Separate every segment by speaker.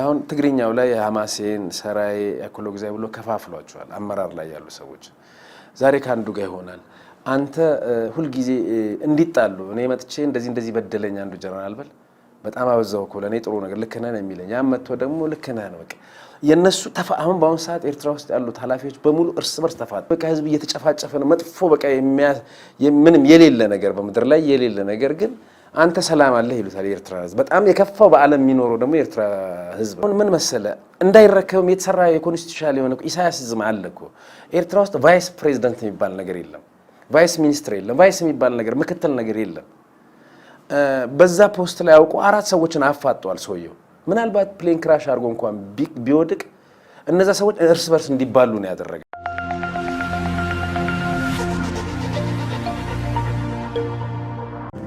Speaker 1: አሁን ትግርኛው ላይ የሐማሴን ሰራይ ያኮሎ ጊዜ ብሎ ከፋፍሏቸዋል። አመራር ላይ ያሉ ሰዎች ዛሬ ከአንዱ ጋር ይሆናል። አንተ ሁልጊዜ እንዲጣሉ እኔ መጥቼ እንደዚህ እንደዚህ በደለኝ አንዱ ጀነራል በል በጣም አበዛው እኮ ለእኔ ጥሩ ነገር ልክ ነህ ነው የሚለኝ። ያም መጥቶ ደግሞ ልክ ነህ ነው በቃ የእነሱ አሁን በአሁኑ ሰዓት ኤርትራ ውስጥ ያሉት ኃላፊዎች በሙሉ እርስ በርስ ተፋ በቃ ህዝብ እየተጨፋጨፈ ነው። መጥፎ በቃ ምንም የሌለ ነገር በምድር ላይ የሌለ ነገር ግን አንተ ሰላም አለህ ይሉታል የኤርትራ ህዝብ። በጣም የከፋው በዓለም የሚኖረው ደግሞ የኤርትራ ህዝብ ምን መሰለ እንዳይረከብም የተሰራ የኮንስቲቱሽናል የሆነ ኢሳያስዝም አለ እኮ ኤርትራ ውስጥ ቫይስ ፕሬዚደንት የሚባል ነገር የለም፣ ቫይስ ሚኒስትር የለም፣ ቫይስ የሚባል ነገር ምክትል ነገር የለም። በዛ ፖስት ላይ አውቁ አራት ሰዎችን አፋጧል ሰውየው። ምናልባት ፕሌን ክራሽ አድርጎ እንኳን ቢወድቅ እነዛ ሰዎች እርስ በርስ እንዲባሉ ነው ያደረገ።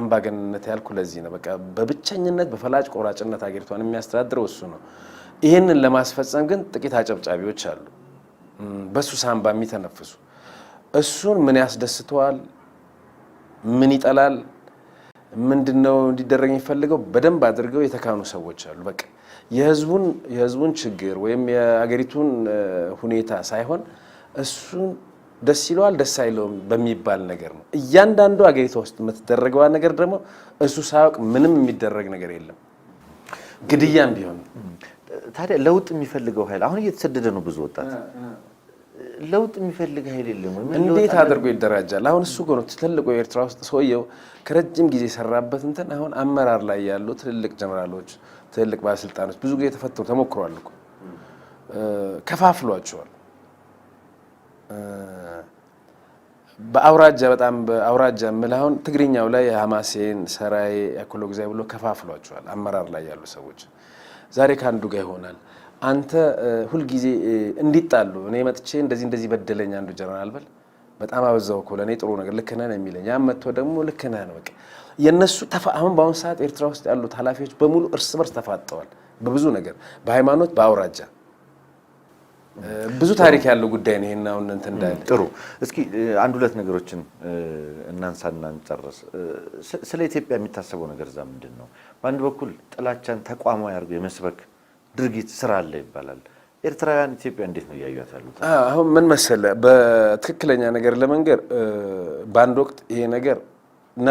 Speaker 1: አምባገንነት ያልኩ ለዚህ ነው። በቃ በብቸኝነት በፈላጭ ቆራጭነት ሀገሪቷን የሚያስተዳድረው እሱ ነው። ይህንን ለማስፈጸም ግን ጥቂት አጨብጫቢዎች አሉ፣ በእሱ ሳንባ የሚተነፍሱ። እሱን ምን ያስደስተዋል፣ ምን ይጠላል፣ ምንድን ነው እንዲደረግ የሚፈልገው በደንብ አድርገው የተካኑ ሰዎች አሉ። በቃ የህዝቡን ችግር ወይም የሀገሪቱን ሁኔታ ሳይሆን እሱን ደስ ይለዋል ደስ አይለውም በሚባል ነገር ነው። እያንዳንዱ አገሪቷ ውስጥ የምትደረገዋ ነገር ደግሞ እሱ ሳያውቅ ምንም የሚደረግ ነገር የለም። ግድያም ቢሆን
Speaker 2: ታዲያ ለውጥ የሚፈልገው ኃይል አሁን እየተሰደደ ነው ብዙ ወጣት ለውጥ የሚፈልግ ኃይል የለም።
Speaker 1: እንዴት አድርጎ ይደራጃል? አሁን እሱ ነው ትልቁ ኤርትራ ውስጥ ሰውየው ከረጅም ጊዜ የሰራበት እንትን አሁን አመራር ላይ ያሉ ትልልቅ ጀነራሎች፣ ትልልቅ ባለስልጣኖች ብዙ ጊዜ ተፈትኑ ተሞክሯል እኮ ከፋፍሏቸዋል። በአውራጃ በጣም በአውራጃ የምልህ አሁን ትግርኛው ላይ ሀማሴን ሰራይ ያኮሎ ጊዜ ብሎ ከፋፍሏቸዋል። አመራር ላይ ያሉ ሰዎች ዛሬ ከአንዱ ጋር ይሆናል። አንተ ሁልጊዜ እንዲጣሉ እኔ መጥቼ እንደዚህ እንደዚህ በደለኝ አንዱ ጀነራል በል በጣም አበዛው እኮ ለእኔ ጥሩ ነገር ልክ ነህ ነው የሚለኝ። ያም መጥቶ ደግሞ ልክ ነህ ነው በቃ የእነሱ አሁን በአሁኑ ሰዓት ኤርትራ ውስጥ ያሉት ኃላፊዎች በሙሉ እርስ በርስ ተፋጠዋል። በብዙ ነገር፣ በሃይማኖት፣ በአውራጃ ብዙ ታሪክ ያለው ጉዳይ ነው። ይሄን አሁን እንትን እንዳለ
Speaker 2: ጥሩ። እስኪ አንድ ሁለት ነገሮችን እናንሳ እናንጨርስ። ስለ ኢትዮጵያ የሚታሰበው ነገር እዛ ምንድን ነው? በአንድ በኩል ጥላቻን ተቋማዊ አድርጎ የመስበክ ድርጊት ስራ አለ ይባላል። ኤርትራውያን ኢትዮጵያ እንዴት ነው እያዩት ያሉት?
Speaker 1: አሁን ምን መሰለ፣ በትክክለኛ ነገር ለመንገር በአንድ ወቅት ይሄ ነገር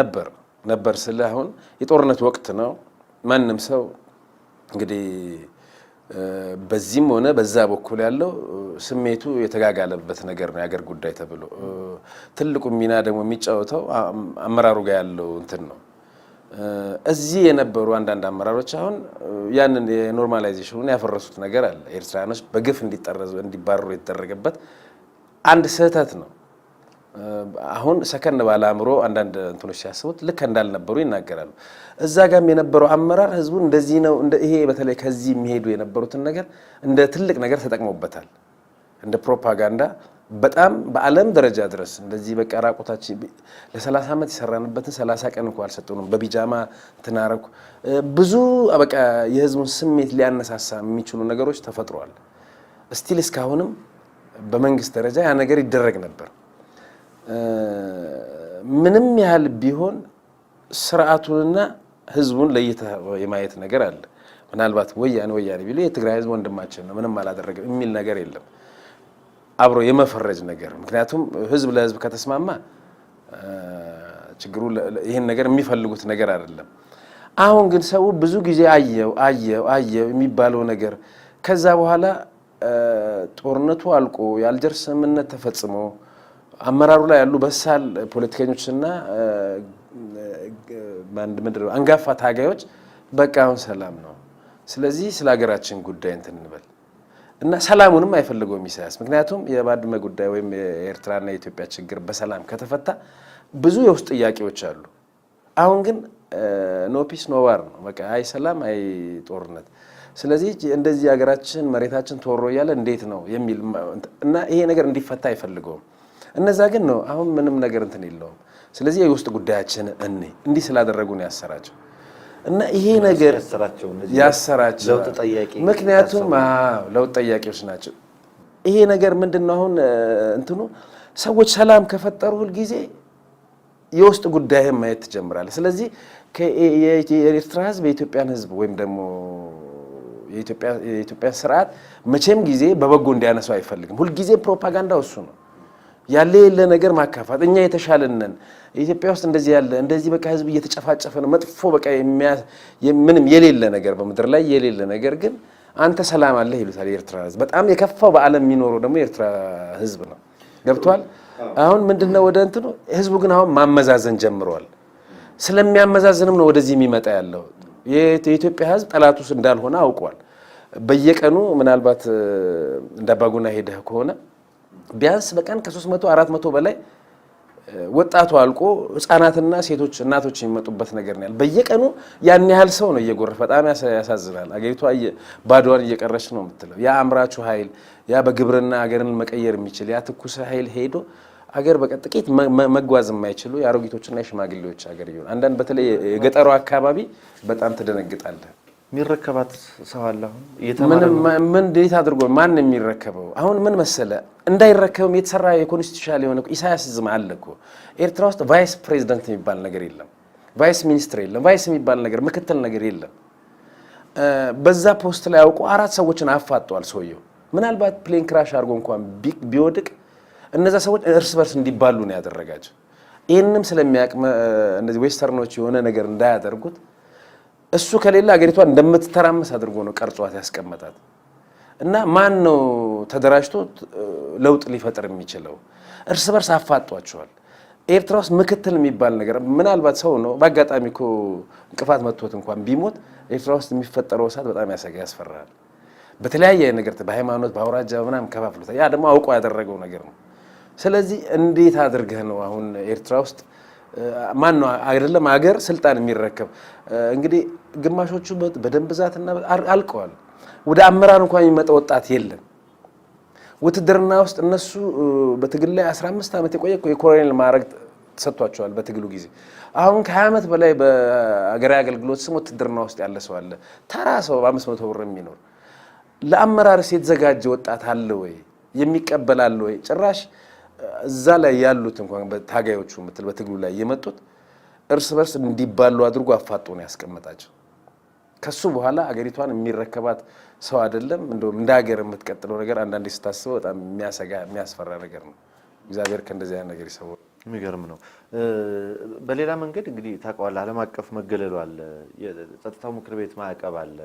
Speaker 1: ነበር ነበር ስለ አሁን የጦርነት ወቅት ነው። ማንም ሰው እንግዲህ በዚህም ሆነ በዛ በኩል ያለው ስሜቱ የተጋጋለበት ነገር ነው። የአገር ጉዳይ ተብሎ ትልቁ ሚና ደግሞ የሚጫወተው አመራሩ ጋር ያለው እንትን ነው። እዚህ የነበሩ አንዳንድ አመራሮች አሁን ያንን የኖርማላይዜሽኑን ያፈረሱት ነገር አለ። ኤርትራያኖች በግፍ እንዲባረሩ የተደረገበት አንድ ስህተት ነው። አሁን ሰከን ባለ አእምሮ አንዳንድ እንትኖች ሲያስቡት ልክ እንዳልነበሩ ይናገራሉ። እዛ ጋም የነበረው አመራር ህዝቡን እንደዚህ ነው ይሄ በተለይ ከዚህ የሚሄዱ የነበሩትን ነገር እንደ ትልቅ ነገር ተጠቅሞበታል። እንደ ፕሮፓጋንዳ በጣም በዓለም ደረጃ ድረስ እንደዚህ በቃ ራቁታችን ለ30 ዓመት የሰራንበትን 30 ቀን እንኳ አልሰጡንም። በቢጃማ ትናረኩ ብዙ በቃ የህዝቡን ስሜት ሊያነሳሳ የሚችሉ ነገሮች ተፈጥሯዋል ስቲል እስካሁንም በመንግስት ደረጃ ያ ነገር ይደረግ ነበር። ምንም ያህል ቢሆን ስርዓቱንና ህዝቡን ለይተ የማየት ነገር አለ። ምናልባት ወያኔ ወያኔ ቢሉ የትግራይ ህዝብ ወንድማችን ነው ምንም አላደረገም የሚል ነገር የለም፣ አብሮ የመፈረጅ ነገር። ምክንያቱም ህዝብ ለህዝብ ከተስማማ ችግሩ ይህን ነገር የሚፈልጉት ነገር አይደለም። አሁን ግን ሰው ብዙ ጊዜ አየው አየው አየው የሚባለው ነገር ከዛ በኋላ ጦርነቱ አልቆ የአልጀርስ ስምምነት ተፈጽሞ አመራሩ ላይ ያሉ በሳል ፖለቲከኞችና በአንድ ምድር አንጋፋ ታጋዮች በቃ አሁን ሰላም ነው፣ ስለዚህ ስለ ሀገራችን ጉዳይ እንትን እንበል እና ሰላሙንም አይፈልገውም ኢሳያስ። ምክንያቱም የባድመ ጉዳይ ወይም የኤርትራና የኢትዮጵያ ችግር በሰላም ከተፈታ ብዙ የውስጥ ጥያቄዎች አሉ። አሁን ግን ኖፒስ ኖዋር ነው፣ በቃ አይ ሰላም አይ ጦርነት። ስለዚህ እንደዚህ ሀገራችን መሬታችን ተወሮ እያለ እንዴት ነው የሚል እና ይሄ ነገር እንዲፈታ አይፈልገውም። እነዛ ግን ነው አሁን ምንም ነገር እንትን የለውም። ስለዚህ የውስጥ ጉዳያችን እኔ እንዲህ ስላደረጉ ነው ያሰራቸው እና ይሄ ነገር ያሰራቸው ምክንያቱም ለውጥ ጠያቂዎች ናቸው። ይሄ ነገር ምንድን ነው አሁን እንትኑ ሰዎች ሰላም ከፈጠሩ ሁልጊዜ የውስጥ ጉዳይ ማየት ትጀምራለ። ስለዚህ የኤርትራ ህዝብ የኢትዮጵያን ህዝብ ወይም ደግሞ የኢትዮጵያ ስርዓት መቼም ጊዜ በበጎ እንዲያነሱ አይፈልግም። ሁልጊዜ ፕሮፓጋንዳ እሱ ነው። ያለ የለ ነገር ማካፋት እኛ የተሻለነን ኢትዮጵያ ውስጥ እንደዚህ ያለ እንደዚህ በቃ ህዝብ እየተጨፋጨፈ ነው መጥፎ በቃ ምንም የሌለ ነገር በምድር ላይ የሌለ ነገር ግን አንተ ሰላም አለህ ይሉታል የኤርትራ ህዝብ። በጣም የከፋው በአለም የሚኖረው ደግሞ የኤርትራ ህዝብ ነው። ገብቷል። አሁን ምንድነው ወደ እንትኑ ህዝቡ ግን አሁን ማመዛዘን ጀምረዋል። ስለሚያመዛዝንም ነው ወደዚህ የሚመጣ ያለው። የኢትዮጵያ ህዝብ ጠላቱስ እንዳልሆነ አውቋል። በየቀኑ ምናልባት እንዳባጉና ሄደህ ከሆነ ቢያንስ በቀን ከ300 400 በላይ ወጣቱ አልቆ ህጻናትና ሴቶች እናቶች የሚመጡበት ነገር ነው። በየቀኑ ያን ያህል ሰው ነው እየጎረፈ። በጣም ያሳዝናል። አገሪቷ ባዶዋን እየቀረች ነው የምትለው። ያ አምራቹ ኃይል ያ በግብርና አገርን መቀየር የሚችል ያ ትኩስ ኃይል ሄዶ አገር በቀን ጥቂት መጓዝ የማይችሉ የአሮጊቶችና የሽማግሌዎች አገር ይሆን። አንዳንድ በተለይ የገጠሩ አካባቢ በጣም ትደነግጣለህ።
Speaker 2: የሚረከባት ሰው አለ።
Speaker 1: አሁን እንዴት አድርጎ ማን የሚረከበው? አሁን ምን መሰለ እንዳይረከብም የተሰራ የኮንስቲቱሽናል የሆነ ኢሳያስ ዝም አለ እኮ ኤርትራ ውስጥ ቫይስ ፕሬዚደንት የሚባል ነገር የለም፣ ቫይስ ሚኒስትር የለም፣ ቫይስ የሚባል ነገር ምክትል ነገር የለም። በዛ ፖስት ላይ አውቁ አራት ሰዎችን አፋጧል ሰውየው። ምናልባት ፕሌን ክራሽ አድርጎ እንኳን ቢወድቅ እነዛ ሰዎች እርስ በርስ እንዲባሉ ነው ያደረጋቸው። ይህንም ስለሚያውቅ እነዚህ ዌስተርኖች የሆነ ነገር እንዳያደርጉት እሱ ከሌለ ሀገሪቷን እንደምትተራመስ አድርጎ ነው ቀርጿት ያስቀመጣት። እና ማን ነው ተደራጅቶ ለውጥ ሊፈጥር የሚችለው? እርስ በርስ አፋጧቸዋል። ኤርትራ ውስጥ ምክትል የሚባል ነገር ምናልባት ሰው ነው በአጋጣሚ እኮ እንቅፋት መጥቶት እንኳን ቢሞት ኤርትራ ውስጥ የሚፈጠረው እሳት በጣም ያሰጋ ያስፈራል። በተለያየ ነገር በሃይማኖት በአውራጃ ምናምን ከፋፍሎታል። ያ ደግሞ አውቆ ያደረገው ነገር ነው። ስለዚህ እንዴት አድርገህ ነው አሁን ኤርትራ ውስጥ ማን ነው አይደለም አገር ስልጣን የሚረከብ እንግዲህ ግማሾቹ በደም ብዛትና አልቀዋል። ወደ አመራር እንኳን የሚመጣ ወጣት የለም። ውትድርና ውስጥ እነሱ በትግል ላይ 15 ዓመት የቆየ የኮሎኔል ማዕረግ ተሰጥቷቸዋል በትግሉ ጊዜ። አሁን ከ20 ዓመት በላይ በሀገራዊ አገልግሎት ስም ውትድርና ውስጥ ያለ ሰው አለ። ተራ ሰው በአምስት መቶ ብር የሚኖር ለአመራርስ የተዘጋጀ ወጣት አለ ወይ? የሚቀበላል ወይ? ጭራሽ እዛ ላይ ያሉት እንኳን ታጋዮቹ ምትል በትግሉ ላይ የመጡት እርስ በርስ እንዲባሉ አድርጎ አፋጦ ነው ያስቀመጣቸው። ከሱ በኋላ አገሪቷን የሚረከባት ሰው አይደለም። እንደውም እንደ ሀገር የምትቀጥለው ነገር አንዳንዴ ስታስበው በጣም የሚያሰጋ የሚያስፈራ ነገር ነው። እግዚአብሔር ከእንደዚህ አይነት ነገር ይሰው።
Speaker 2: የሚገርም ነው። በሌላ መንገድ እንግዲህ ታውቀዋለህ፣ ዓለም አቀፍ መገለሉ አለ፣ የጸጥታው ምክር ቤት ማዕቀብ አለ።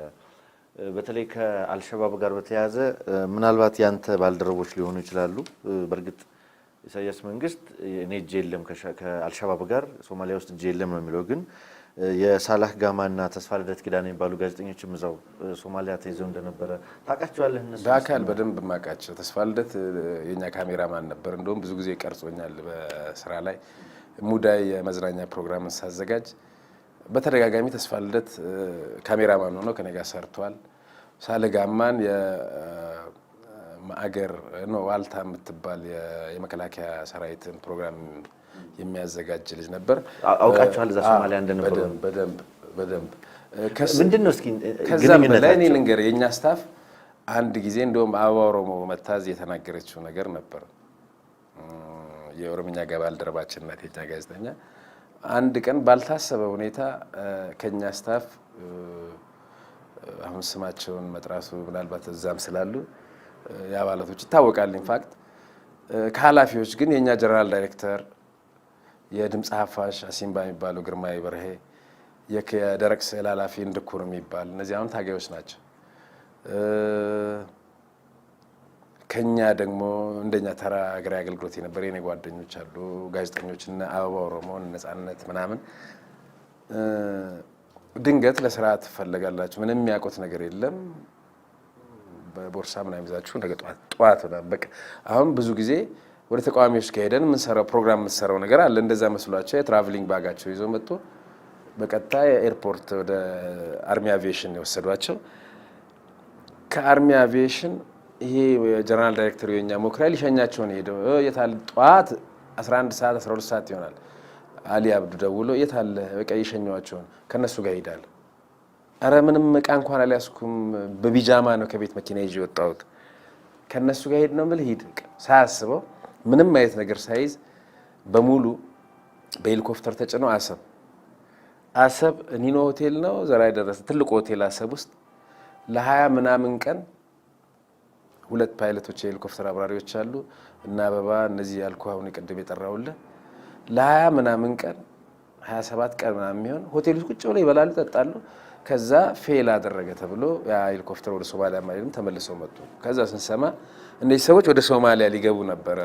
Speaker 2: በተለይ ከአልሸባብ ጋር በተያያዘ ምናልባት ያንተ ባልደረቦች ሊሆኑ ይችላሉ በእርግጥ ኢሳያስ መንግስት እኔ እጅ የለም ከአልሸባብ ጋር ሶማሊያ ውስጥ እጅ የለም ነው የሚለው። ግን የሳላህ ጋማና ተስፋ ልደት ኪዳን የሚባሉ ጋዜጠኞችም እዛው ሶማሊያ ተይዘው እንደነበረ ታውቃቸዋለህ? እነሱ
Speaker 1: በአካል በደንብ ማውቃቸው። ተስፋ ልደት የእኛ ካሜራማን ነበር። እንደውም ብዙ ጊዜ ቀርጾኛል በስራ ላይ ሙዳይ የመዝናኛ ፕሮግራምን ሳዘጋጅ በተደጋጋሚ ተስፋ ልደት ካሜራማን ሆነው ከኔ ጋር ሰርተዋል። ሳልህ ጋማን ማእገር ነው ዋልታ የምትባል የመከላከያ ሰራዊትን ፕሮግራም የሚያዘጋጅ ልጅ ነበር።
Speaker 2: አውቃችኋል? እዛ ሶማሊያ እንደነበሩ
Speaker 1: በደንብ በደንብ። ምንድን ነው እስኪ ከዛም በላይ እኔ ልንገር፣ የእኛ ስታፍ አንድ ጊዜ እንደውም አበባ ኦሮሞ መታዝ የተናገረችው ነገር ነበር። የኦሮምኛ ባልደረባችን ናት፣ የኛ ጋዜጠኛ። አንድ ቀን ባልታሰበ ሁኔታ ከእኛ ስታፍ አሁን ስማቸውን መጥራቱ ምናልባት እዛም ስላሉ የአባላቶች ይታወቃል። ኢንፋክት ከኃላፊዎች ግን የእኛ ጀነራል ዳይሬክተር የድምፅ ሀፋሽ አሲምባ የሚባለው ግርማ በርሄ፣ የደረቅ ስዕል ኃላፊ እንድኩር የሚባል እነዚህ አሁን ታጋዮች ናቸው። ከኛ ደግሞ እንደኛ ተራ እግሬ አገልግሎት የነበረ የኔ ጓደኞች አሉ ጋዜጠኞች፣ እነ አበባ ኦሮሞ፣ ነጻነት ምናምን ድንገት ለስራ ትፈለጋላችሁ። ምንም የሚያውቁት ነገር የለም በቦርሳ ምናምን ይዛችሁ ነገ ጠዋት ምናምን በቃ አሁን ብዙ ጊዜ ወደ ተቃዋሚዎች ከሄደን የምንሰራው ፕሮግራም የምንሰራው ነገር አለ። እንደዛ መስሏቸው የትራቭሊንግ ባጋቸው ይዘው መጥቶ በቀጥታ የኤርፖርት ወደ አርሚ አቪዬሽን የወሰዷቸው። ከአርሚ አቪዬሽን ይሄ ጀነራል ዳይሬክተር የኛ ሞክሪያ ሊሸኛቸው ነው ሄደው የታል ጠዋት 11 ሰዓት 12 ሰዓት ይሆናል። አሊ አብዱ ደውሎ የታለ በቃ የሸኘዋቸውን ከእነሱ ጋር ይሄዳል እረ ምንም እቃ እንኳን አልያዝኩም፣ በቢጃማ ነው ከቤት መኪና ይዤ የወጣሁት። ከእነሱ ጋር ሄድ ነው የምልህ ሂድ። ሳያስበው ምንም አይነት ነገር ሳይዝ በሙሉ በሄሊኮፕተር ተጭኖ አሰብ አሰብ ኒኖ ሆቴል ነው ዘራይ ደረሰ። ትልቁ ሆቴል አሰብ ውስጥ ለሀያ ምናምን ቀን ሁለት ፓይለቶች የሄሊኮፕተር አብራሪዎች አሉ እና አበባ እነዚህ ያልኩ አሁን ቅድም የጠራውልህ ለሀያ ምናምን ቀን ሀያ ሰባት ቀን ምናምን የሚሆን ሆቴል ውስጥ ቁጭ ብለው ይበላሉ፣ ጠጣሉ። ከዛ ፌል አደረገ ተብሎ ሄሊኮፕተር ወደ ሶማሊያ ማሄድም ተመልሰው መጡ። ከዛ ስንሰማ እነዚህ ሰዎች ወደ ሶማሊያ ሊገቡ ነበረ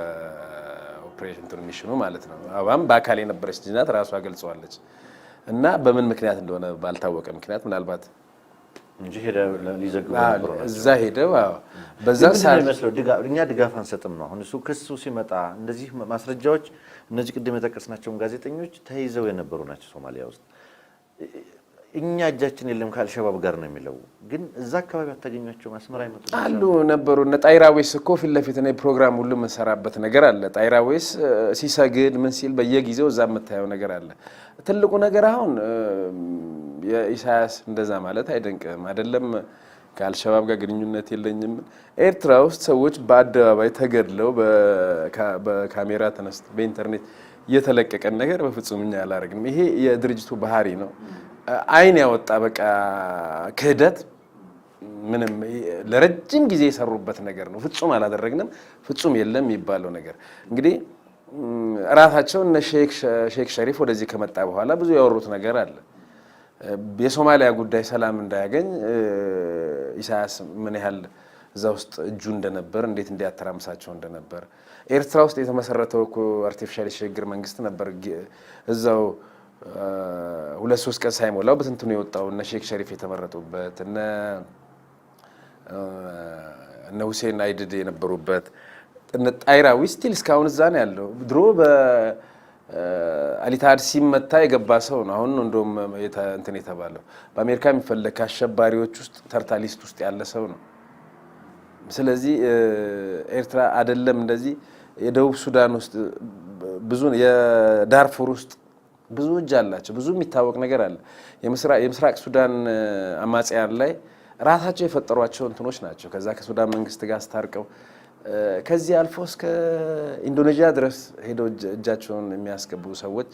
Speaker 1: ኦፕሬሽን ሚሽኑ ማለት ነው። አባም በአካል የነበረች ልጅ ናት ራሷ ገልጸዋለች። እና በምን ምክንያት እንደሆነ ባልታወቀ ምክንያት ምናልባት እዛ ሄደው
Speaker 2: በዛ እኛ ድጋፍ አንሰጥም ነው። አሁን እሱ ክሱ ሲመጣ እንደዚህ ማስረጃዎች እነዚህ ቅድም የጠቀስናቸውን ጋዜጠኞች ተይዘው የነበሩ ናቸው ሶማሊያ ውስጥ እኛ እጃችን የለም ከአልሸባብ ጋር ነው የሚለው። ግን እዛ አካባቢ አታገኟቸው አስመራ አይመጡ
Speaker 1: አሉ ነበሩ። እነ ጣይራ እኮ ፊት ለፊት ፕሮግራም ሁሉ የምንሰራበት ነገር አለ። ጣይራ ዌስ ሲሰግድ ምን ሲል በየጊዜው እዛ የምታየው ነገር አለ። ትልቁ ነገር አሁን የኢሳያስ እንደዛ ማለት አይደንቅም አይደለም። ከአልሸባብ ጋር ግንኙነት የለኝም። ኤርትራ ውስጥ ሰዎች በአደባባይ ተገድለው በካሜራ ተነስተው በኢንተርኔት የተለቀቀን ነገር በፍጹም እኛ አላደርግም። ይሄ የድርጅቱ ባህሪ ነው። አይን ያወጣ በቃ ክህደት ምንም ለረጅም ጊዜ የሰሩበት ነገር ነው። ፍጹም አላደረግንም፣ ፍጹም የለም የሚባለው ነገር እንግዲህ እራሳቸው እነ ሼክ ሸሪፍ ወደዚህ ከመጣ በኋላ ብዙ ያወሩት ነገር አለ። የሶማሊያ ጉዳይ ሰላም እንዳያገኝ ኢሳያስ ምን ያህል እዛ ውስጥ እጁ እንደነበር እንዴት እንዲያተራምሳቸው እንደነበር ኤርትራ ውስጥ የተመሰረተው አርቲፊሻል የሽግግር መንግስት ነበር እዛው ሁለት ሶስት ቀን ሳይሞላው በትንትኑ የወጣው እነ ሼክ ሸሪፍ የተመረጡበት እነ እነ ሁሴን አይድድ የነበሩበት እነ ጣይራዊ ስቲል እስካሁን እዛ ነው ያለው። ድሮ በአሊታድ ሲመታ የገባ ሰው ነው። አሁን እንደውም እንትን የተባለው በአሜሪካ የሚፈለግ ከአሸባሪዎች ውስጥ ተርታ ሊስት ውስጥ ያለ ሰው ነው። ስለዚህ ኤርትራ አይደለም እንደዚህ የደቡብ ሱዳን ውስጥ ብዙ የዳርፉር ውስጥ ብዙ እጅ አላቸው። ብዙ የሚታወቅ ነገር አለ። የምስራቅ ሱዳን አማጽያን ላይ ራሳቸው የፈጠሯቸው እንትኖች ናቸው። ከዛ ከሱዳን መንግስት ጋር አስታርቀው ከዚህ አልፎ እስከ ኢንዶኔዥያ ድረስ ሄደው እጃቸውን የሚያስገቡ ሰዎች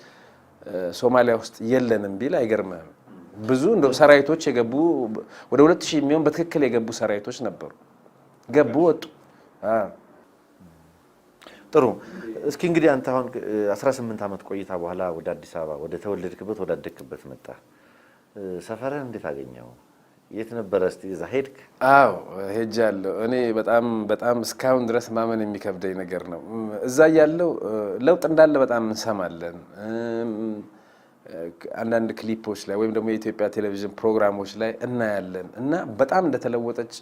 Speaker 1: ሶማሊያ ውስጥ የለንም ቢል አይገርምም። ብዙ እንደ ሰራዊቶች የገቡ ወደ ሁለት ሺህ የሚሆን በትክክል የገቡ ሰራዊቶች ነበሩ። ገቡ፣ ወጡ።
Speaker 2: ጥሩ እስኪ እንግዲህ አንተ አሁን 18 ዓመት ቆይታ በኋላ ወደ አዲስ አበባ ወደ ተወለድክበት ወደ አደግክበት መጣ። ሰፈርን እንዴት አገኘው? የት ነበረ? እስቲ እዛ ሄድክ?
Speaker 1: አዎ ሄጃለሁ። እኔ በጣም በጣም እስካሁን ድረስ ማመን የሚከብደኝ ነገር ነው። እዛ ያለው ለውጥ እንዳለ በጣም እንሰማለን። አንዳንድ ክሊፖች ላይ ወይም ደግሞ የኢትዮጵያ ቴሌቪዥን ፕሮግራሞች ላይ እናያለን እና በጣም እንደተለወጠች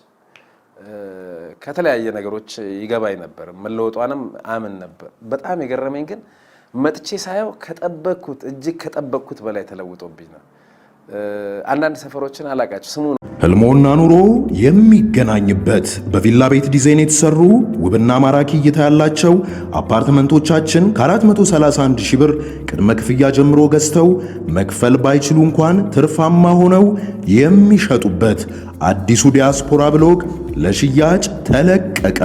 Speaker 1: ከተለያየ ነገሮች ይገባኝ ነበር፣ መለወጧንም አምን ነበር። በጣም የገረመኝ ግን መጥቼ ሳየው ከጠበቅኩት እጅግ ከጠበቅኩት በላይ ተለውጦብኝ ነው። አንዳንድ ሰፈሮችን አላቃቸው ስሙ
Speaker 3: ነው። ህልሞና ኑሮ የሚገናኝበት በቪላ ቤት ዲዛይን የተሰሩ ውብና ማራኪ እይታ ያላቸው አፓርትመንቶቻችን ከ431 ሺህ ብር ቅድመ ክፍያ ጀምሮ ገዝተው መክፈል ባይችሉ እንኳን ትርፋማ ሆነው የሚሸጡበት አዲሱ ዲያስፖራ ብሎክ ለሽያጭ ተለቀቀ።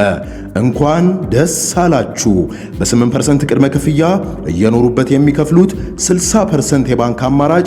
Speaker 3: እንኳን ደስ አላችሁ። በ8% ቅድመ ክፍያ እየኖሩበት የሚከፍሉት 60% የባንክ አማራጭ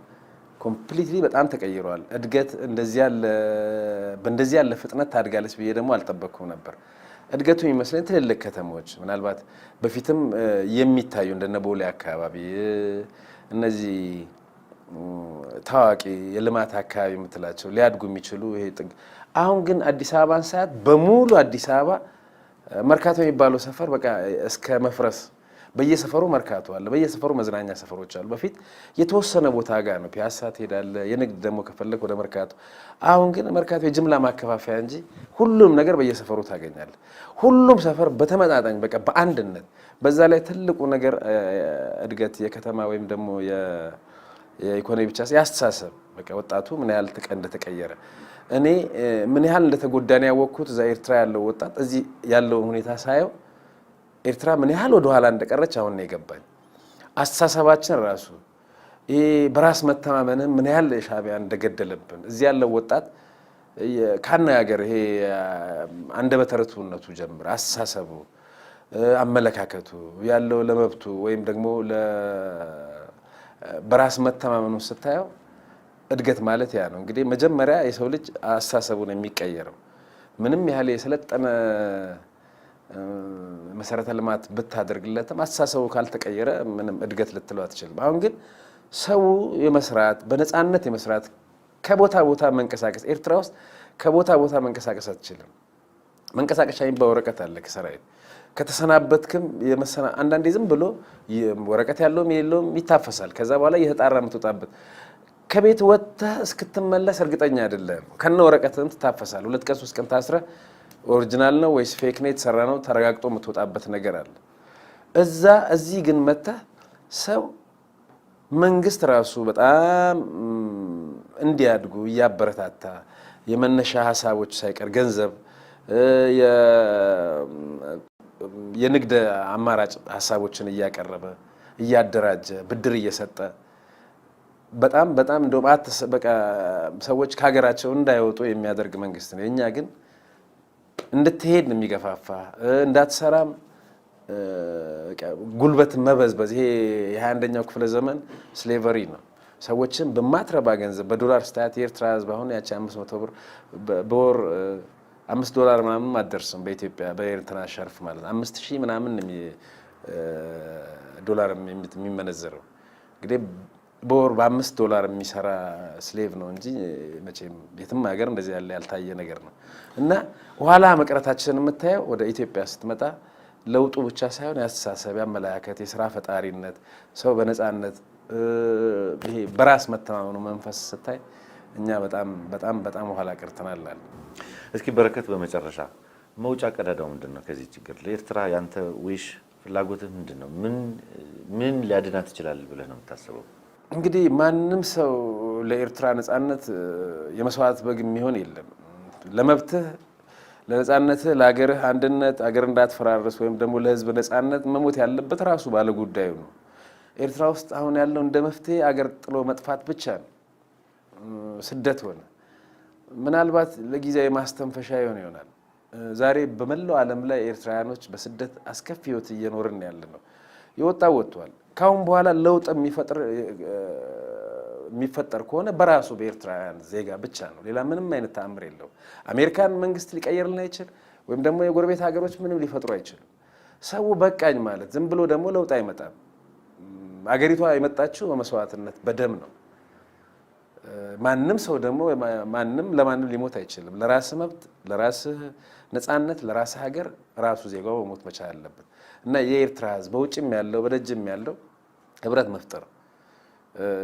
Speaker 1: ኮምፕሊትሊ በጣም ተቀይረዋል። እድገት በእንደዚህ ያለ ፍጥነት ታድጋለች ብዬ ደግሞ አልጠበቅኩም ነበር። እድገቱ የሚመስለኝ ትልልቅ ከተሞች ምናልባት በፊትም የሚታዩ እንደነ ቦሌ አካባቢ እነዚህ ታዋቂ የልማት አካባቢ የምትላቸው ሊያድጉ የሚችሉ ይሄ ጥግ አሁን ግን አዲስ አበባን ሰዓት በሙሉ አዲስ አበባ መርካቶ የሚባለው ሰፈር በቃ እስከ መፍረስ በየሰፈሩ መርካቶ አለ፣ በየሰፈሩ መዝናኛ ሰፈሮች አሉ። በፊት የተወሰነ ቦታ ጋር ነው ፒያሳ ትሄዳለ፣ የንግድ ደግሞ ከፈለግ ወደ መርካቶ። አሁን ግን መርካቶ የጅምላ ማከፋፈያ እንጂ ሁሉም ነገር በየሰፈሩ ታገኛለ። ሁሉም ሰፈር በተመጣጣኝ በቃ በአንድነት በዛ ላይ ትልቁ ነገር እድገት የከተማ ወይም ደግሞ የኢኮኖሚ ብቻ ያስተሳሰብ በቃ ወጣቱ ምን ያህል እንደተቀየረ እኔ ምን ያህል እንደተጎዳን ያወቅኩት እዛ ኤርትራ ያለው ወጣት እዚህ ያለውን ሁኔታ ሳየው ኤርትራ ምን ያህል ወደኋላ እንደቀረች አሁን ነው የገባኝ። አስተሳሰባችን ራሱ በራስ መተማመንም ምን ያህል ሻቢያ እንደገደለብን እዚህ ያለው ወጣት ከአነጋገር ይሄ አንደ በተረቱነቱ ጀምሮ አስተሳሰቡ፣ አመለካከቱ ያለው ለመብቱ ወይም ደግሞ በራስ መተማመኑ ስታየው እድገት ማለት ያ ነው። እንግዲህ መጀመሪያ የሰው ልጅ አስተሳሰቡን የሚቀየረው ምንም ያህል የሰለጠነ መሰረተ ልማት ብታደርግለትም አስተሳሰቡ ካልተቀየረ ምንም እድገት ልትለው አትችልም። አሁን ግን ሰው የመስራት በነፃነት የመስራት ከቦታ ቦታ መንቀሳቀስ ኤርትራ ውስጥ ከቦታ ቦታ መንቀሳቀስ አትችልም። መንቀሳቀሻ የሚባል ወረቀት አለ ከሰራዊት ከተሰናበትክም የመሰና አንዳንዴ ዝም ብሎ ወረቀት ያለውም የለውም ይታፈሳል። ከዛ በኋላ የተጣራ የምትወጣበት ከቤት ወጥተህ እስክትመለስ እርግጠኛ አይደለም። ከነ ወረቀትም ትታፈሳል። ሁለት ቀን ሶስት ቀን ታስረህ ኦሪጂናል ነው ወይስ ፌክ ነው የተሰራ ነው ተረጋግጦ የምትወጣበት ነገር አለ። እዛ እዚህ ግን መተህ ሰው መንግስት ራሱ በጣም እንዲያድጉ እያበረታታ የመነሻ ሀሳቦች ሳይቀር ገንዘብ፣ የንግድ አማራጭ ሀሳቦችን እያቀረበ እያደራጀ ብድር እየሰጠ በጣም በጣም እንደውም በቃ ሰዎች ከሀገራቸው እንዳይወጡ የሚያደርግ መንግስት ነው። የእኛ ግን እንድትሄድ ነው የሚገፋፋ። እንዳትሰራም ጉልበት መበዝበዝ። ይሄ የ 21 ክፍለ ዘመን ስሌቨሪ ነው። ሰዎችን በማትረባ ገንዘብ በዶላር ስታያት የኤርትራ ሕዝብ አሁን ያቺ አምስት መቶ ብር በወር አምስት ዶላር ምናምን አደርስም በኢትዮጵያ በኤርትራ ሸርፍ ማለት ነው። አምስት ሺህ ምናምን ዶላር የሚመነዘረው እንግዲህ በወር በአምስት ዶላር የሚሰራ ስሌቭ ነው እንጂ መቼም ቤትም ሀገር እንደዚህ ያለ ያልታየ ነገር ነው እና ኋላ መቅረታችን የምታየው ወደ ኢትዮጵያ ስትመጣ ለውጡ ብቻ ሳይሆን የአስተሳሰብ፣ የአመለካከት፣ የስራ ፈጣሪነት፣ ሰው በነፃነት ይሄ በራስ መተማመኑ መንፈስ ስታይ እኛ በጣም በጣም በጣም ኋላ ቀርተናል።
Speaker 2: እስኪ በረከት፣ በመጨረሻ መውጫ ቀዳዳው ምንድን ነው? ከዚህ ችግር ለኤርትራ ያንተ ዊሽ ፍላጎትህ ምንድን ነው? ምን ሊያድናት ይችላል ብለህ ነው የምታስበው?
Speaker 1: እንግዲህ ማንም ሰው ለኤርትራ ነጻነት የመስዋዕት በግ የሚሆን የለም። ለመብትህ፣ ለነጻነትህ፣ ለሀገርህ አንድነት አገር እንዳትፈራረስ ወይም ደግሞ ለህዝብ ነጻነት መሞት ያለበት ራሱ ባለጉዳዩ ነው። ኤርትራ ውስጥ አሁን ያለው እንደ መፍትሄ አገር ጥሎ መጥፋት ብቻ ነው። ስደት ሆነ ምናልባት ለጊዜያዊ ማስተንፈሻ ይሆን ይሆናል። ዛሬ በመላው ዓለም ላይ ኤርትራውያኖች በስደት አስከፊ ህይወት እየኖርን ያለ ነው። የወጣ ወጥቷል። ካሁን በኋላ ለውጥ የሚፈጠር ከሆነ በራሱ በኤርትራውያን ዜጋ ብቻ ነው። ሌላ ምንም አይነት ተአምር የለው። አሜሪካን መንግስት ሊቀየርልን አይችል ወይም ደግሞ የጎረቤት ሀገሮች ምንም ሊፈጥሩ አይችልም። ሰው በቃኝ ማለት ዝም ብሎ ደግሞ ለውጥ አይመጣም። አገሪቷ የመጣችው በመስዋዕትነት በደም ነው። ማንም ሰው ደግሞ ማንም ለማንም ሊሞት አይችልም። ለራስ መብት፣ ለራስ ነፃነት፣ ለራስ ሀገር ራሱ ዜጋው መሞት መቻል አለበት። እና የኤርትራ ህዝብ በውጭም ያለው በደጅም ያለው ህብረት መፍጠር።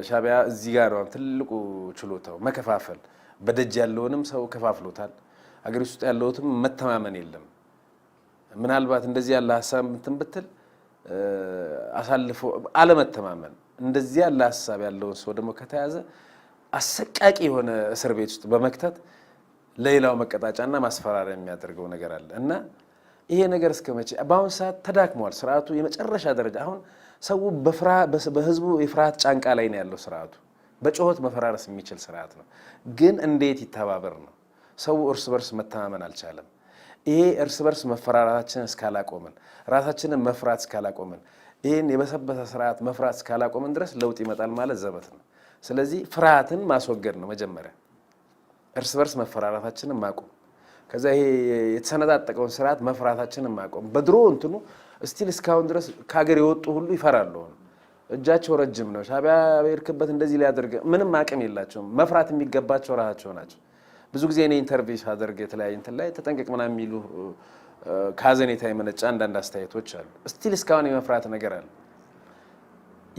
Speaker 1: ሻቢያ እዚህ ጋር ነው ትልቁ ችሎታው፣ መከፋፈል። በደጅ ያለውንም ሰው ከፋፍሎታል። አገር ውስጥ ያለውትም መተማመን የለም። ምናልባት እንደዚህ ያለ ሀሳብ እንትን ብትል አሳልፎ አለመተማመን። እንደዚህ ያለ ሀሳብ ያለውን ሰው ደግሞ ከተያዘ አሰቃቂ የሆነ እስር ቤት ውስጥ በመክተት ለሌላው መቀጣጫና ማስፈራሪያ የሚያደርገው ነገር አለ እና ይሄ ነገር እስከ መቼ? በአሁኑ ሰዓት ተዳክሟል ስርዓቱ የመጨረሻ ደረጃ። አሁን ሰው በህዝቡ የፍርሃት ጫንቃ ላይ ነው ያለው ስርዓቱ። በጩኸት መፈራረስ የሚችል ስርዓት ነው። ግን እንዴት ይተባበር ነው? ሰው እርስ በርስ መተማመን አልቻለም። ይሄ እርስ በርስ መፈራራታችን እስካላቆምን፣ ራሳችንን መፍራት እስካላቆምን፣ ይህን የበሰበሰ ስርዓት መፍራት እስካላቆምን ድረስ ለውጥ ይመጣል ማለት ዘበት ነው። ስለዚህ ፍርሃትን ማስወገድ ነው መጀመሪያ፣ እርስ በርስ መፈራራታችንን ማቆም ከዛ ይሄ የተሰነጣጠቀውን ስርዓት መፍራታችንን ማቆም። በድሮ እንትኑ እስቲል እስካሁን ድረስ ከሀገር የወጡ ሁሉ ይፈራሉ። እጃቸው ረጅም ነው። ሻቢያ በሄድክበት እንደዚህ ሊያደርግ ምንም አቅም የላቸውም። መፍራት የሚገባቸው ራሳቸው ናቸው። ብዙ ጊዜ እኔ ኢንተርቪው ሳደርግ የተለያየ እንትን ላይ ተጠንቀቅ ምናምን የሚሉ ከአዘኔታ የመነጫ አንዳንድ አስተያየቶች አሉ። ስቲል እስካሁን የመፍራት ነገር አለ።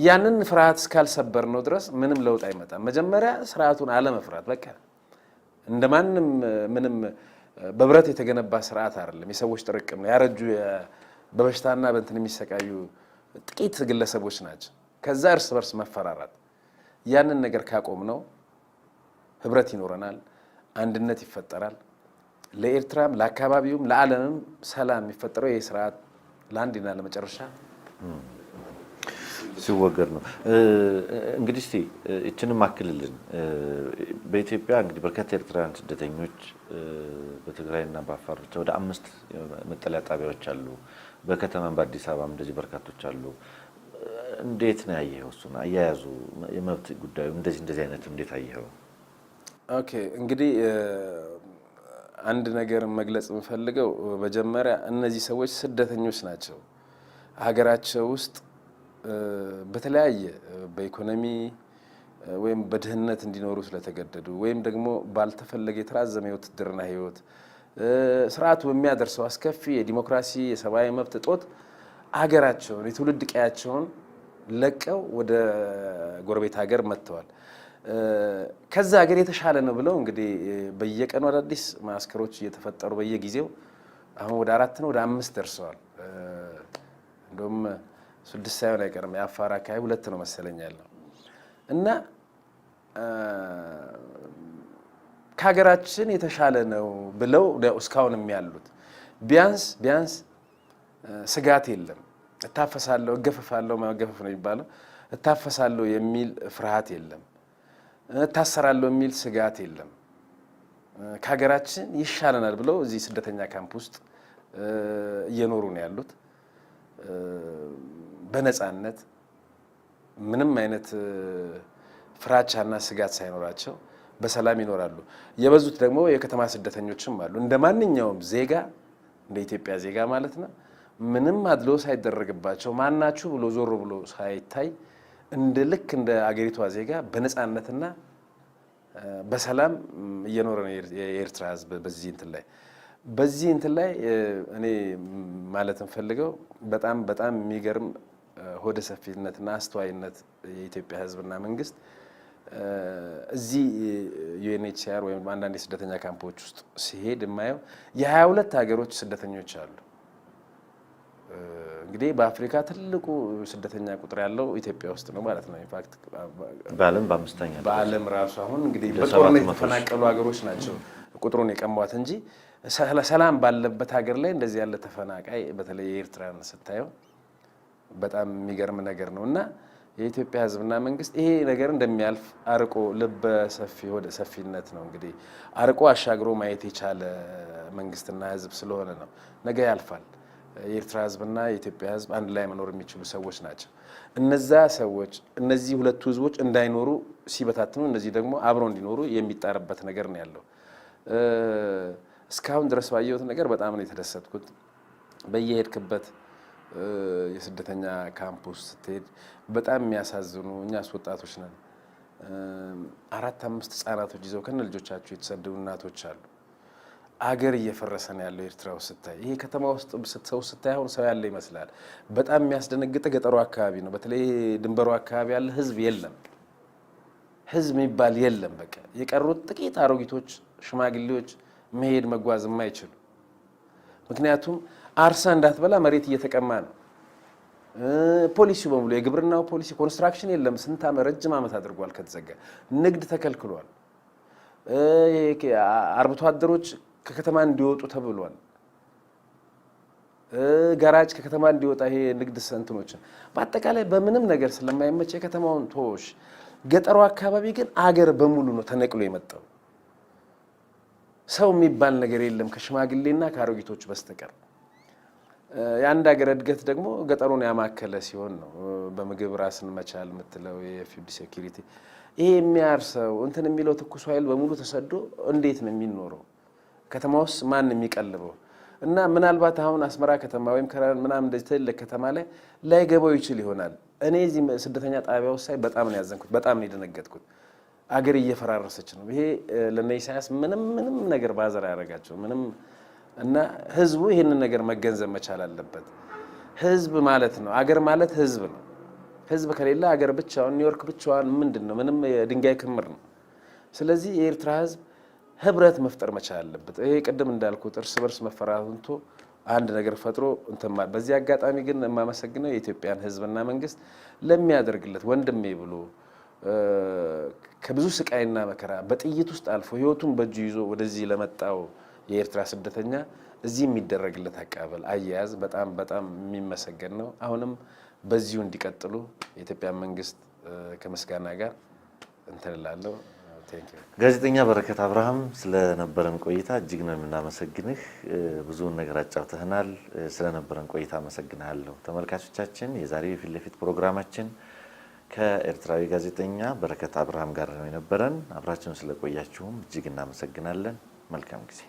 Speaker 1: ያንን ፍርሃት እስካልሰበር ነው ድረስ ምንም ለውጥ አይመጣም። መጀመሪያ ስርዓቱን አለመፍራት በቃ እንደማንም ምንም በብረት የተገነባ ስርዓት አይደለም። የሰዎች ጥርቅም ነው። ያረጁ በበሽታና በእንትን የሚሰቃዩ ጥቂት ግለሰቦች ናቸው። ከዛ እርስ በርስ መፈራራት፣ ያንን ነገር ካቆም ነው ህብረት ይኖረናል፣ አንድነት ይፈጠራል። ለኤርትራም ለአካባቢውም ለዓለምም ሰላም የሚፈጠረው ይህ ስርዓት ለአንዴና ለመጨረሻ
Speaker 2: ሲወገድ ነው። እንግዲህ እስቲ ይችንም አክልልን በኢትዮጵያ እንግዲህ በርካታ ኤርትራውያን ስደተኞች በትግራይና በአፋር ብቻ ወደ አምስት መጠለያ ጣቢያዎች አሉ። በከተማም በአዲስ አበባም እንደዚህ በርካቶች አሉ። እንዴት ነው ያየኸው? እሱን አያያዙ የመብት ጉዳዩ እንደዚህ እንደዚህ አይነት እንዴት አየኸው?
Speaker 1: ኦኬ እንግዲህ አንድ ነገር መግለጽ የምፈልገው መጀመሪያ እነዚህ ሰዎች ስደተኞች ናቸው ሀገራቸው ውስጥ በተለያየ በኢኮኖሚ ወይም በድህነት እንዲኖሩ ስለተገደዱ ወይም ደግሞ ባልተፈለገ የተራዘመ የውትድርና ህይወት ስርዓቱ በሚያደርሰው አስከፊ የዲሞክራሲ የሰብአዊ መብት እጦት አገራቸውን የትውልድ ቀያቸውን ለቀው ወደ ጎረቤት ሀገር መጥተዋል። ከዛ ሀገር የተሻለ ነው ብለው እንግዲህ በየቀኑ አዳዲስ ማስከሮች እየተፈጠሩ በየጊዜው አሁን ወደ አራት ነው ወደ አምስት ደርሰዋል። እንደውም ስድስት ሳይሆን አይቀርም። የአፋር አካባቢ ሁለት ነው መሰለኝ ያለው እና ከሀገራችን የተሻለ ነው ብለው እስካሁንም ያሉት ቢያንስ ቢያንስ ስጋት የለም። እታፈሳለሁ፣ እገፈፋለሁ፣ መገፈፍ ነው የሚባለው። እታፈሳለሁ የሚል ፍርሃት የለም። እታሰራለሁ የሚል ስጋት የለም። ከሀገራችን ይሻለናል ብለው እዚህ ስደተኛ ካምፕ ውስጥ እየኖሩ ነው ያሉት። በነፃነት ምንም አይነት ፍራቻና ስጋት ሳይኖራቸው በሰላም ይኖራሉ። የበዙት ደግሞ የከተማ ስደተኞችም አሉ። እንደ ማንኛውም ዜጋ እንደ ኢትዮጵያ ዜጋ ማለት ነው። ምንም አድሎ ሳይደረግባቸው ማናችሁ ብሎ ዞር ብሎ ሳይታይ እንደ ልክ እንደ አገሪቷ ዜጋ በነፃነትና በሰላም እየኖረ ነው የኤርትራ ህዝብ በዚህ እንትን ላይ በዚህ እንትን ላይ እኔ ማለት ፈልገው በጣም በጣም የሚገርም ሆደ ሰፊነትና አስተዋይነት የኢትዮጵያ ህዝብና መንግስት እዚህ ዩኤንኤችሲአር ወይም አንዳንድ የስደተኛ ካምፖች ውስጥ ሲሄድ የማየው የሀያ ሁለት ሀገሮች ስደተኞች አሉ። እንግዲህ በአፍሪካ ትልቁ ስደተኛ ቁጥር ያለው ኢትዮጵያ ውስጥ ነው ማለት ነው። ኢንፋክት
Speaker 2: በዓለም በአምስተኛ
Speaker 1: በዓለም ራሱ አሁን እንግዲህ በጦርነት የተፈናቀሉ ሀገሮች ናቸው ቁጥሩን የቀሟት እንጂ ሰላም ባለበት ሀገር ላይ እንደዚህ ያለ ተፈናቃይ በተለይ የኤርትራን ስታየው በጣም የሚገርም ነገር ነው እና የኢትዮጵያ ሕዝብና መንግስት ይሄ ነገር እንደሚያልፍ አርቆ ልበ ሰፊ ወደ ሰፊነት ነው እንግዲህ አርቆ አሻግሮ ማየት የቻለ መንግስትና ሕዝብ ስለሆነ ነው። ነገ ያልፋል። የኤርትራ ሕዝብና የኢትዮጵያ ሕዝብ አንድ ላይ መኖር የሚችሉ ሰዎች ናቸው። እነዛ ሰዎች እነዚህ ሁለቱ ሕዝቦች እንዳይኖሩ ሲበታትኑ፣ እነዚህ ደግሞ አብረው እንዲኖሩ የሚጣርበት ነገር ነው ያለው። እስካሁን ድረስ ባየሁት ነገር በጣም ነው የተደሰትኩት በየሄድክበት የስደተኛ ካምፕ ውስጥ ስትሄድ በጣም የሚያሳዝኑ እኛስ ወጣቶች ነን፣ አራት አምስት ህጻናቶች ይዘው ከነ ልጆቻቸው የተሰደዱ እናቶች አሉ። አገር እየፈረሰ ነው ያለው ኤርትራ ውስጥ ስታይ፣ ይሄ ከተማ ውስጥ ሰው ስታይ አሁን ሰው ያለ ይመስላል። በጣም የሚያስደነግጠ ገጠሩ አካባቢ ነው። በተለይ ድንበሩ አካባቢ ያለ ህዝብ የለም፣ ህዝብ የሚባል የለም። በቃ የቀሩት ጥቂት አሮጊቶች፣ ሽማግሌዎች መሄድ መጓዝ የማይችሉ ምክንያቱም አርሳ እንዳትበላ መሬት እየተቀማ ነው። ፖሊሲው በሙሉ የግብርናው ፖሊሲ ኮንስትራክሽን የለም። ስንት ረጅም ዓመት አድርጓል ከተዘጋ። ንግድ ተከልክሏል። አርብቶ አደሮች ከከተማ እንዲወጡ ተብሏል። ጋራጅ ከከተማ እንዲወጣ ይሄ ንግድ ሰንትኖች በአጠቃላይ በምንም ነገር ስለማይመች የከተማውን ቶሽ ገጠሩ አካባቢ ግን አገር በሙሉ ነው ተነቅሎ የመጣው። ሰው የሚባል ነገር የለም ከሽማግሌና ከአሮጊቶች በስተቀር የአንድ ሀገር እድገት ደግሞ ገጠሩን ያማከለ ሲሆን ነው። በምግብ ራስን መቻል የምትለው የፊድ ሴኪሪቲ ይሄ የሚያርሰው እንትን የሚለው ትኩስ ኃይል በሙሉ ተሰዶ እንዴት ነው የሚኖረው? ከተማ ውስጥ ማን የሚቀልበው? እና ምናልባት አሁን አስመራ ከተማ ወይም ከረን ምናምን እንደዚህ ትልቅ ከተማ ላይ ላይገባው ይችል ይሆናል። እኔ እዚህ ስደተኛ ጣቢያ ውስጥ ሳይ በጣም ነው ያዘንኩት፣ በጣም ነው የደነገጥኩት። አገር እየፈራረሰች ነው። ይሄ ለነ ኢሳያስ ምንም ምንም ነገር ባዘር አያደርጋቸው ምንም እና ህዝቡ ይህንን ነገር መገንዘብ መቻል አለበት። ህዝብ ማለት ነው፣ አገር ማለት ህዝብ ነው። ህዝብ ከሌለ አገር ብቻውን ኒውዮርክ ብቻዋን ምንድን ነው? ምንም የድንጋይ ክምር ነው። ስለዚህ የኤርትራ ህዝብ ህብረት መፍጠር መቻል አለበት። ይሄ ቅድም እንዳልኩት እርስ በርስ መፈራቱንቶ አንድ ነገር ፈጥሮ እንተማ። በዚህ አጋጣሚ ግን የማመሰግነው የኢትዮጵያን ህዝብና መንግስት ለሚያደርግለት ወንድሜ ብሎ ከብዙ ስቃይና መከራ በጥይት ውስጥ አልፎ ህይወቱን በእጁ ይዞ ወደዚህ ለመጣው የኤርትራ ስደተኛ እዚህ የሚደረግለት አቀባበል አያያዝ በጣም በጣም የሚመሰገን ነው። አሁንም በዚሁ እንዲቀጥሉ የኢትዮጵያ መንግስት ከምስጋና ጋር እንትንላለው። ጋዜጠኛ በረከት አብርሃም ስለነበረን ቆይታ እጅግ ነው የምናመሰግንህ። ብዙውን ነገር አጫውተህናል። ስለነበረን ቆይታ አመሰግንሃለሁ። ተመልካቾቻችን የዛሬው የፊት ለፊት ፕሮግራማችን ከኤርትራዊ ጋዜጠኛ በረከት አብርሃም ጋር ነው የነበረን። አብራችሁን ስለቆያችሁም እጅግ እናመሰግናለን። መልካም ጊዜ